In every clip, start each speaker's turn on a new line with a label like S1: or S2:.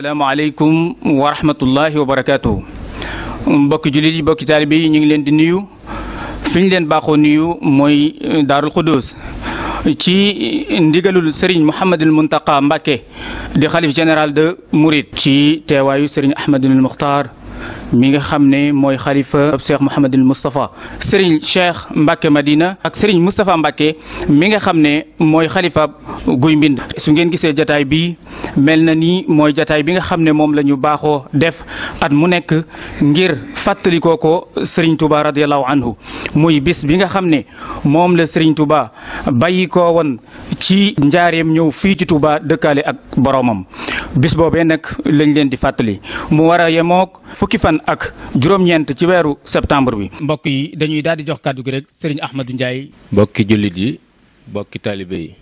S1: السلام عليكم ورحمة الله وبركاته. مبكي جليد مبكي تربي نجلين دنيو فين باخونيو مي دار القدس. كي نديقل السرين محمد المنتقى مبكي دخل في جنرال دو موريد كي تواي أحمد المختار mi nga xam ne mooy xalifa Cheikh Mouhamadul Moustapha Serigne Cheikh Mbacke Madina ak Serigne Moustapha Mbacke mi nga xam ne mooy xalifa guy mbind su ngeen gisee jataay bi mel na ni mooy jataay bi nga xam ne moom la ñu baaxoo def at mu nekk ngir fàttalikoo ko Serigne Touba radiallahu anhu muy bis bi nga xam ne moom la Serigne Touba bàyyi ko woon ci njaareem ñëw fii ci Touba dëkkaale ak boromam bis boobee nag lañ leen di fàttali mu war a yemoog fukki fan ak juróom-ñeent ci weeru septembre bi. mbokk yi dañuy daal di jox kàddu gi rek Serigne Ahmadou Ndiaye.
S2: mbokki jullit yi mbokki taalibe yi.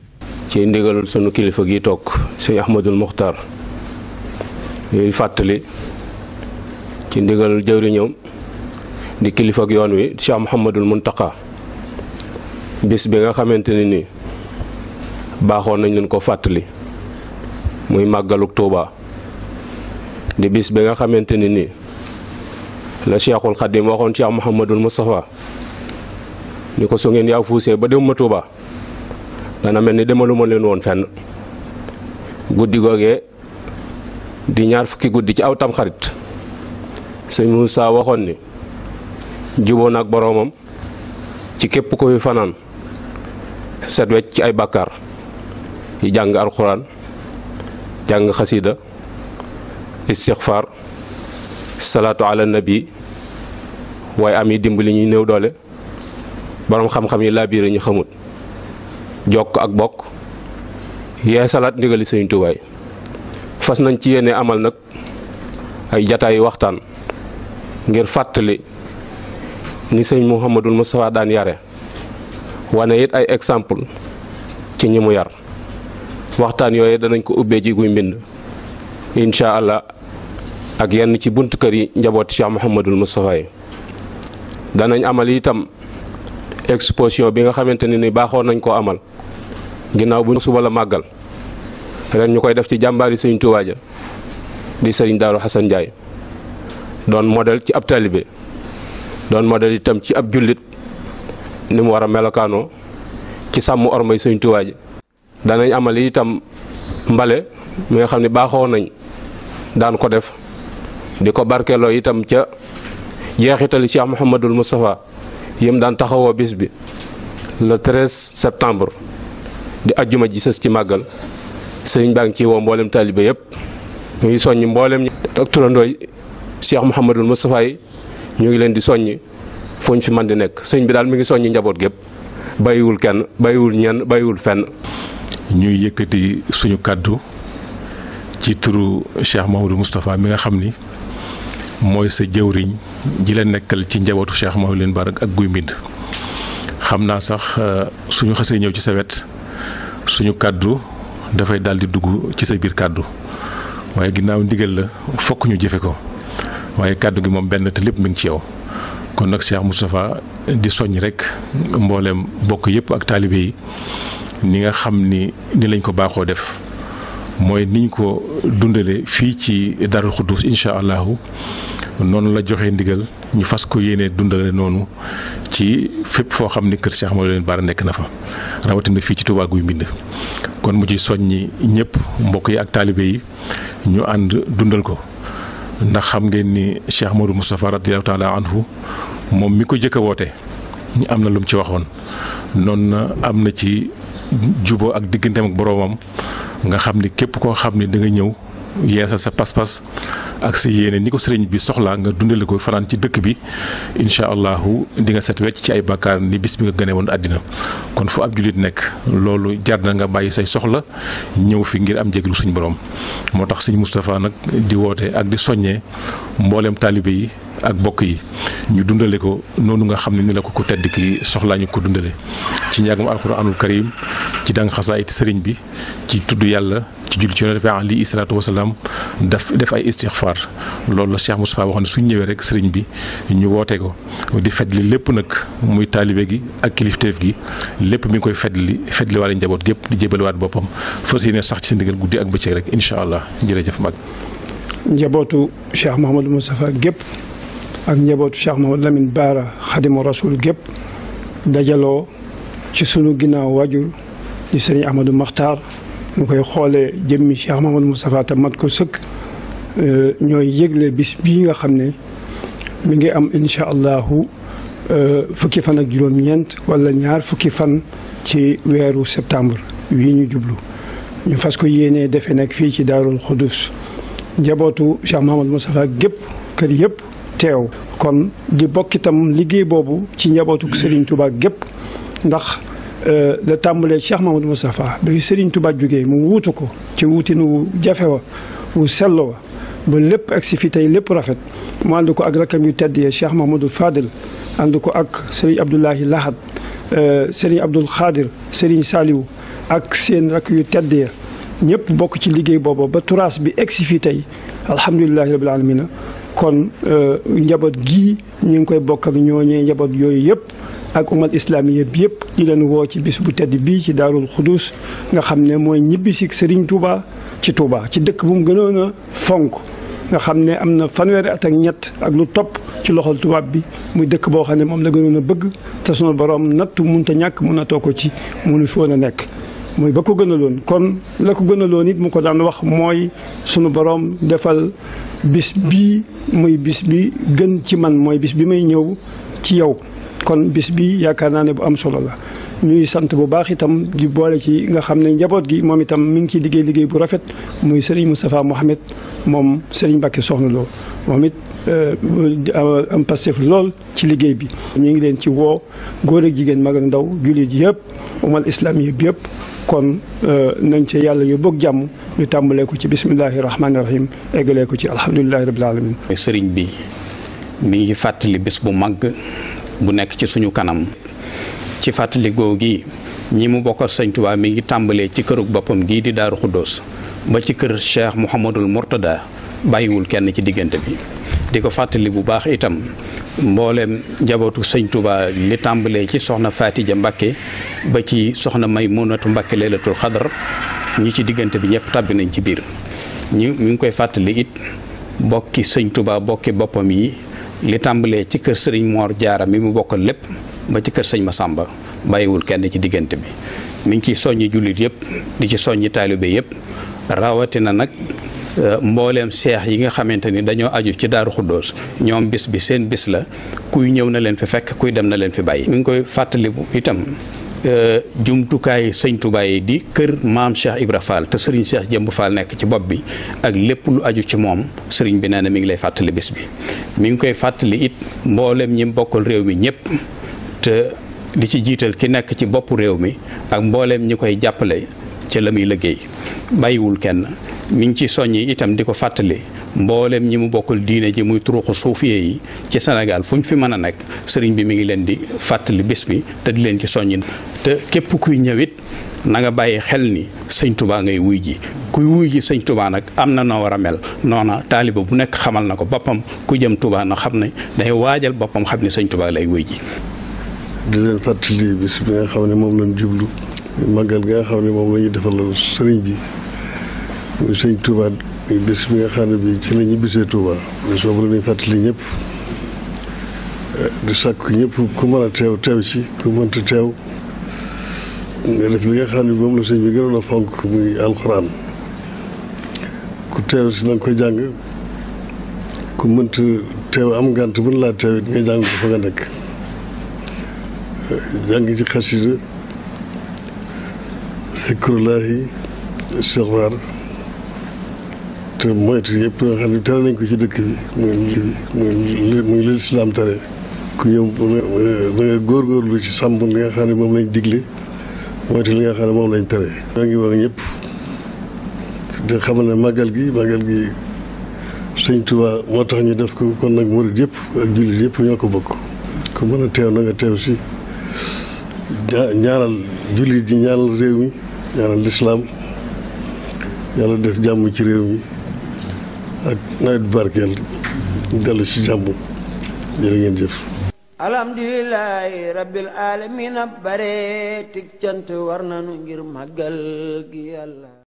S2: ci ndigalul sunu kilifa gi toog Serigne Ahmadul Muxtar yuy fàttali ci ndigalul jëwriñam di kilifa ak yoon wi Cheikh Mouhamadul Muntaka bis bi nga xamante ne nii baaxoon nañ leen ko fàttali. muy màggaluk Tuuba di bis bi nga xamante ni nii la Cheikhul Xadim waxoon Cheikh Mouhamadul Moustapha ni ko su ngeen yaa fuusee ba dem ma Tuuba dana mel ni demaluma leen woon fenn guddi googee di ñaar fukki guddi ci aw tamxarit sëñ Moussa waxoon ni juboo nag boroomam ci képp ko fi fanaan set wecc ci ay bàkkaar yi jàng alxuraan jàng xasida istixfaar salaatu ala nabi waaye am yi dimbali ñuy néew doole boroom xam-xam yi laa biire ñu xamut jokk ak bokk yee salaat ndigali Sëriñ Tuubaa fas nañ ci yéene amal nag ay jataayu waxtaan ngir fàttali ni sëñ Muhammadul Mustafaa daan yare wane it ay exemple ci ñi mu yar waxtaan yooyu danañ ko ubbee ji guy mbind insha allah ak yenn ci bunt kër yi njaboot cheikh mohamadul moustapha yi danañ amal itam exposition bi nga xamanteni ni baaxoon nañ ko amal ginnaaw bu suba la màggal ren ñu koy def ci jàmbaari sëñ tuubaa ja di sëriñ daaru xasan njaay doon model ci ab talibé doon model itam ci ab jullit ni mu war ci sàmm ormay danañ amali itam mbale mi xam ne baaxoo nañ daan ko def di ko barkeloo itam ca jeexitali Cheikh Mouhamadul Moustapha yëm daan taxawoo bis bi le 13 septembre di ajjuma ji sës ci màggal sëñ baa ngi ciy woo mboolem taalibe yëpp ñu ngi soññ mboolem ak turandooy Cheikh Mouhamadul Moustapha yi ñu ngi leen di soññ fu ñu fi man di nekk sëñ bi daal mi ngi soññ njaboot gépp bàyyiwul kenn bàyyiwul ñenn bàyyiwul fenn ñuy yëkkati suñu kàddu ci turu Cheikh
S3: Mahamadou Moustapha mi nga xam ni mooy sa jëwriñ ji la nekkal ci njabootu Cheikh Mahamadou leen Barak ak guy mbind xam naa sax euh, suñu xasee ñëw ci sa wet suñu kàddu dafay dal di dugg ci sa biir kàddu waaye ginnaaw ndigal la fokk ñu jëfe ko waaye kàddu gi moom benn te lépp mi ci yow kon nag Cheikh Moustapha di soññ rek mboolem bokk yëpp ak taalibe yi ni nga xam ni ni lañ ko baaxoo def mooy niñ ko dundale fii ci Darou Khoudoss incha allahu noonu la joxe ndigal ñu fas ko yéene dundale noonu ci fépp foo xam ni kër Cheikh Mawlana leen Bara nekk na fa rawatina fii ci Touba Guy Mbind kon mu ci soññi ñëpp mbokk yi ak taalibe yi ñu ànd dundal ko ndax xam ngeen ni Cheikh Modou Moustapha radiyallahu taala moom mi ko jëkk a woote am na lum ci waxoon noonu am na ci juboo ak digganteem ak boroomam nga xam ni képp koo xam ni da ñëw yeesal sa pas-pas ak sa yéene ni ko sëriñ bi soxlaa nga dundale ko fanaan ci dëkk bi incha allahu di nga set wecc ci ay bakkaar ni bis bi nga gane woon àddina kon fu ab jullit nekk loolu jar na nga bàyyi say soxla ñëw fi ngir am jéglu suñ borom moo tax sëñ Moustapha nag di woote ak di soññee mboolem taalibe yi. ak bokk yi ñu dundale ko noonu nga xam ne ni la ko ko tedd ki soxlaa ñu ko dundale ci njàngum alxuraanul karim ci dang xasaayit sëriñ bi ci tudd yàlla ci julli ci yonent bi alayhi salaatu wasalaam daf def ay istixfaar loolu la Cheikh Moustapha wax ne suñ ñëwee rek sëriñ bi ñu woote ko di fedli lépp nag muy taalibe gi ak kilifteef gi lépp mi ngi koy fedli fedli waale njaboot gépp di jébal waat boppam fas yéene sax ci si ndigal guddi ak bëccëg rek incha allah jërëjëf mag
S4: njabootu Cheikh Mouhamadou Moustapha gépp ak njabootu Cheikh Mouhamed Lamine Baara xadimu rasul gépp dajaloo ci sunu ginnaaw wajur di sëriñ Ahmadou Makhtar mu koy xoolee jëmmi Cheikh Mouhamed Moustapha te mat ko sëkk euh, ñooy yëgle bis bii nga xam ne mu ngi am incha allahu euh, fukki fan ak juróom-ñeent wala ñaar fukki fan ci weeru septembre wii ñu jublu ñu fas ko yéenee defe nag fii ci daarul xudus njabootu Cheikh Mouhamed Moustapha gépp kër yëpp teew kon di bokk bokkitam liggéey boobu ci njabootuk Serigne Touba gépp ndax le tambalé Cheikh Mamadou mustapha ba fi Serigne Touba jógee mu wuutu ko ci wuutinu jafe wa wu sello wa ba lépp ak si fi tey lépp rafet mu ànd ko ak rakam yu tedd yee Cheikh Mamadou fadil ànd ko ak Serigne Abdoulahi Lahad Serigne abdul Khadir Serigne saliw ak seen rak yu tedd ya ñëpp bokk ci liggéey boobu ba turaas bi egsi fii tey alhamdulilahi rabbil alamina kon euh, njaboot gii ñu ngi koy bokk ak ñooñee njaboot yooyu yëpp ak umal islamiya bi yëpp di leen woo ci bis bu tedd bii ci daarul xudus nga xam ne mooy ñibbisi si Serigne ci Touba ci dëkk bu mu gënoon a fonk. nga xam ne am na fanweeri at ak ñett ak lu topp ci loxol tubaab bi muy dëkk boo xam ne moom la gënoon a bëgg te sunu borom natt munta ñàkk mun a too ko ci munu fi woon a nekk. mooy ba ko loon kon la ko loon it mu ko daan wax mooy sunu borom defal bis bi muy bis bi gën ci man mooy bis bi may ñëw ci yow kon bis bi yaakaar naa ne bu am solo la ñuy sant bu baax itam di boole ci nga xam ne njaboot gi moom itam mu ngi ciy liggéey liggéey bu rafet muy Serigne Moustapha Mohamed moom Serigne Mbacké Soxna Lo moom it Euh, am Pastef lool ci liggéey bi ñu ngi leen ci woo góor ak jigéen mag ndaw jullit yëpp umal islam yëpp yëpp kon euh, nañ ci yàlla yu bëgg jàmm ñu tàmbalee ko ci bismillahi rahmaani rahim eggalee ko ci alhamdulilahi rabbil alamin
S5: sëriñ bi mi ngi fàttali bés bu mag bu nekk ci suñu kanam ci fàttali googu gi ñi mu bokkal sëñ Tuubaa mi ngi tàmbalee ci kërug boppam gii di Daaru Xuddoos ba ci kër Cheikh Mouhamadul Mourtada bàyyiwul kenn ci diggante bi di ko fàttali bu baax itam mbooleem njabootu sëñ Touba li tàmbalee ci soxna Faatija Mbacke ba ci soxna may Maymunatu Mbacke leelatul xadar ñi ci diggante bi ñëpp tàbbi nañ ci biir ñu mu ngi koy fàttali it bokki sëñ tubaa bokki boppam yi li tàmbalee ci kër sëriñ Moor Jaara mi mu bokkal lépp ba ci kër sëñ ma Masamba bàyyiwul kenn ci diggante bi mu ngi ciy soññi jullit yëpp di ci soññi taalibe yëpp rawatina nag Euh, mbooleem seex yi nga xamante ni dañoo aju ci daaru xuddoos ñoom bis bi seen bis la kuy ñëw na leen fi fekk kuy dem na leen fi bàyyi mi ngi koy fàttali itam euh, jumtukaay sëñ Touba yi di kër maam Cheikh Ibra te sëriñ Cheikh Jëmb Fall nekk ci bopp bi ak lépp lu aju ci moom sëriñ bi nee na mi ngi lay fàttali bis bi mi ngi koy fàttali it mboolem ñi bokkal réew mi ñëpp te di ci jiital ki nekk ci boppu réew mi ak mboolem ñi koy jàppale ca la muy liggéey bàyyiwul kenn mu ngi ci soññi itam di ko fàttali mboolem ñi mu bokkul diine ji muy turuqu suufiyee yi ci Sénégal fu ñu fi mën a nekk sëriñ bi mi ngi leen di fàttali bis bi te di leen ci soññi te képp kuy ñëwit na nga bàyyi xel ni sëñ tubaa wuy ji kuy wuy sëñ tubaa nag am na noo war a mel noona taaliba bu nekk xamal na ko boppam ku jëm tubaa na xam ne day waajal boppam xam ne sëñ tubaa lay
S6: wuy ji di leen fàttali bis ne moom lañ jublu màggal gi nga xam ne moom la sëriñ bi muy sëñ Touba bis bi nga xam ne bii ci la ñu bisee Touba bis boobu la ñuy fàttali ñëpp di sàkk ñëpp ku mën a teew teew ci ku mënta teew nga def li nga xam ne moom la sëñ bi gënoon a fonk muy alxuraan ku teew si na nga ko jàng ku mënta teew am ngànt mën laa teew it nga jàng ko fa nga nekk jàng ci xasida sikrullahi istixfaar te moytu yëpp nga xam ne tere nañ ko ci dëkk bi muy muy muy li lislaam tere ku ñëw da nga góorgóorlu ci sàmm li nga xam ne moom lañ digle moytu li nga xam ne moom lañ tere. maa ngi wax ñëpp di ne màggal gi màggal gi sëñ Tuubaa moo tax ñu def ko kon yëpp yëpp ñoo ko bokk. ku teew na nga si ñaanal jullit ji ñaanal réew mi ñaanal lislaam yàlla def jàmm ci réew mi. ak nawet
S4: alamina bare tig cant war nanu ngir màggal gi yàlla